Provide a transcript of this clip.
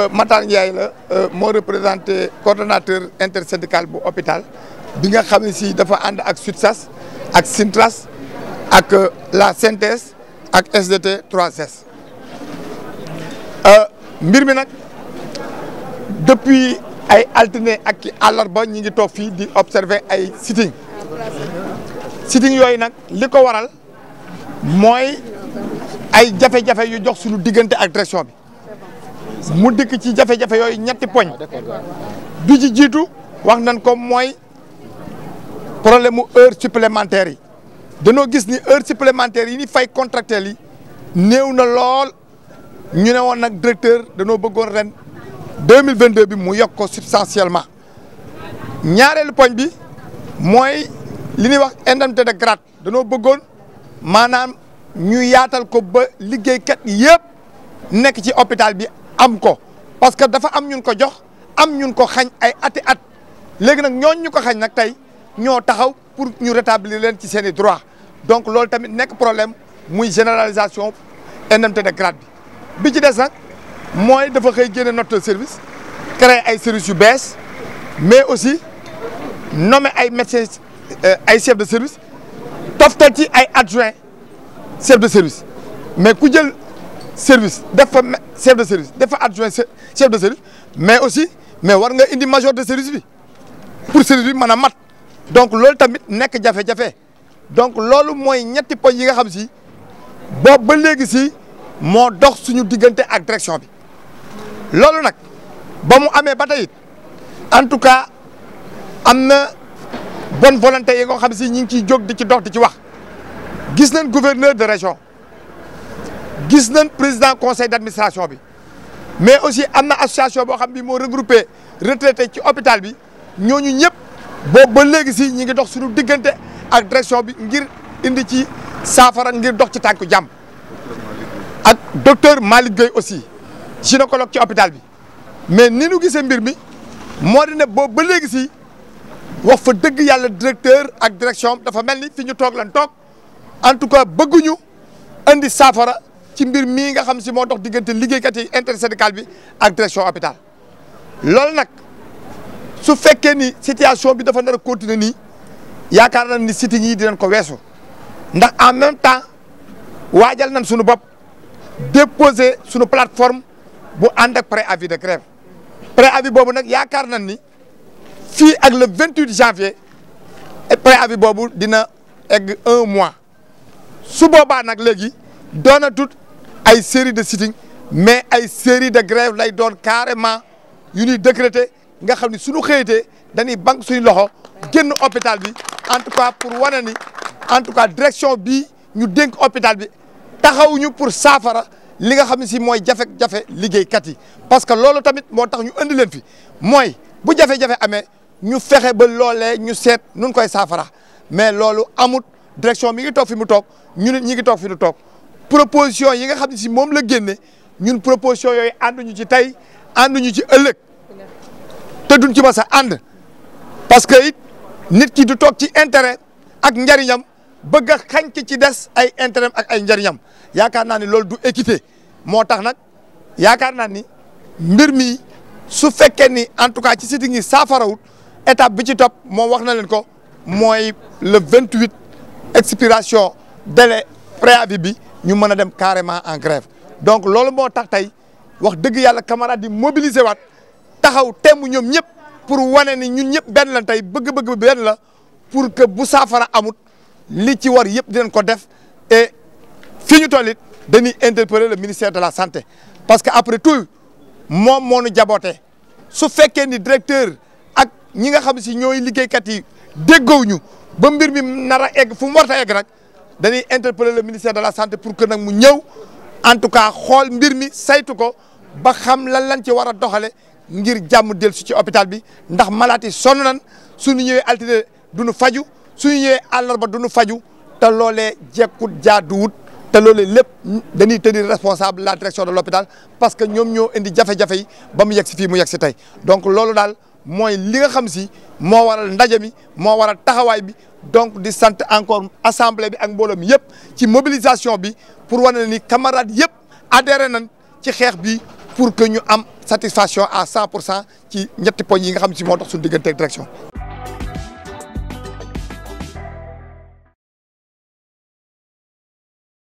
Euh, Matar Ndiaye la euh, moo représenté coordonnateur intersyndical bu hôpital bi nga xam ne si dafa ànd ak SUTSAS ak SINTRAS ak euh, la CNTS ak SDT 3S mbir mi nag depuis ay altine ak ki àllarba ñi ngi toog fii di observer ay sitting sitting yooyu nag li ko waral mooy ay jafe-jafe yu jox sunu diggante ak direction bi mu dikk ci jafe-jafe yooyu ñetti poñ bi ci jiitu wax nañ ko mooy problème mu heure supplémentaire yi danoo gis ni heure supplémentaire yi ni fay contractuel yi néew na lool ñu ne woon nag directeur danoo bëggoon ren deux mille vingt deux bi mu yokko ko substantiellement ñaareelu poñ bi mooy li ñuy wax indemnité de grade danoo bëggoon maanaam ñu yaatal ko ba liggéeykat yëpp nekk ci hôpital bi am ko parce que dafa am ñun ko jox am ñun ko xañ ay ati at léegi nag ñooñ ñu ko xañ nag tey ñoo taxaw pour ñu rétablir leen ci seen i droit donc loolu tamit nekk problème muy généralisation indemnité de grade bi bi ci des nag mooy dafa xëy génne not service créer ay service yu bees mais aussi nommer ay médecins euh, ay chefs de service toftal ci ay adjoints chefs de service mais ku jël service def fa chef de service def fa adjoint chef de service mais aussi mais war nga indi major de service bi pour service bi mën a mat donc loolu tamit nekk jafe-jafe donc loolu mooy ñetti poñ yi nga xam si boobu ba léegi si moo dox suñu diggante ak direction bi loolu nag ba mu amee ba tey en tout cas am na bonne volonté yi nga xam si ñu ngi ciy jóg di ci dox di ci wax gis nañ gouverneur de région. gis nañ président conseil d' bi mais aussi am na association boo xam bi moo regroupé retraité ci hôpital bi ñooñu ñëpp boobu ba léegi si ñi ngi dox suñu diggante ak direction bi ngir indi ci saafara ngir dox ci tànku jàmm ak docteur Malick Gueye aussi gynécologue ci hôpital bi mais ni nu gisee mbir mi moo di ne boobu ba léegi si wax fa dëgg yàlla directeur ak direction dafa mel ni fi ñu toog lan toog en tout cas bëgguñu indi saafara ci mbir mii nga xam si moo dox diggante liggéeykat yi intersyndical bi ak direction hôpital loolu nag su fekkee ni situation bi dafa nar a continuer nii yaakaar nañ ni siti ñii dinañ ko weesu ndax en même temps waajal nañ suñu bopp déposer sunu plateforme bu ànd ak préavis de grève préavis boobu nag yaakaar nañ ni fii ak le vingt 28 janvier préavis boobu dina egg un mois su boobaa nag léegi doonatut ay série de sitting mais ay série de grève lay doon carrément yu ñuy décrété nga xam ni suñu xëyitee dañuy banque suñu loxo génn hôpital bi en tout cas pour wane ni en tout cas direction bi ñu dénk hôpital bi taxawuñu pour saafara li nga xam si mooy jafe-jafe liggéeykat yi parce que loolu tamit moo tax ñu andi leen fi mooy bu jafe-jafe amee ñu fexe ba loolee ñu seet nun koy saafara mais loolu amut direction mi ngi toog fi mu toog ñu nit ñi ngi toog fi nu toog proposition yi nga xam ne si moom la génne ñun proposition yooyu ànduñu ci tey ànduñu ci ëllëg te duñ ci mas a ànd parce que it nit ki du toog ci intérêt ak njariñam bëgg a xañ ci des ay intérêt ak ay njariñam yaakaar naa ni loolu du équité moo tax nag yaakaar naa ni mbir mi su fekkee ni en tout cas ci siti ngi saafarawut étape bi ci topp moom wax na leen ko mooy le vingt-huit expiration délai préavis bi ñu mën a dem carrément en grève donc loolu moo tax tey wax dëgg yàlla camarades yi mobiliser waat taxaw temm ñoom ñëpp pour wane ni ñun ñëpp benn la tey bëgg-bëgg benn la pour que bu saafara amut li ci war yëpp dinañ ko def et fi ñu toll it dañuy interpeller le ministère de la santé parce que après tout moom moo ñu jaboote su fekkee ni directeur ak ñi nga xam si ñooy liggéeykat yi déggoowuñu ba mbir mi nar a egg fu mu war egg nag. dañuy interpeller le ministère de la santé pour que nag mu ñëw en tout cas xool mbir mi saytu ko ba xam lan lañ ci war a doxale ngir jàmm dellusi ci hôpital bi ndax malaat yi sonn nan suñu ñëwee altine duñu faju suñu ñëwee àllarba duñu faju te loolee jekkut jaaduwut te loole lépp dañuy tenir responsable la direction de l'hôpital parce que ñoom ñoo indi jafe-jafe ba mu yegg si fii mu yegg si tey donc loolu daal mooy li nga xam si moo waral ndaje mi moo waral taxawaay bi donc di sant encore assemblée bi ak mbooloo mi yëpp ci mobilisation bi pour wane ni camarades yëpp adhéré nañ ci xeex bi pour que ñu am satisfaction à cent pour cent ci ñetti poñ yi nga si moo tax suñu diggante direction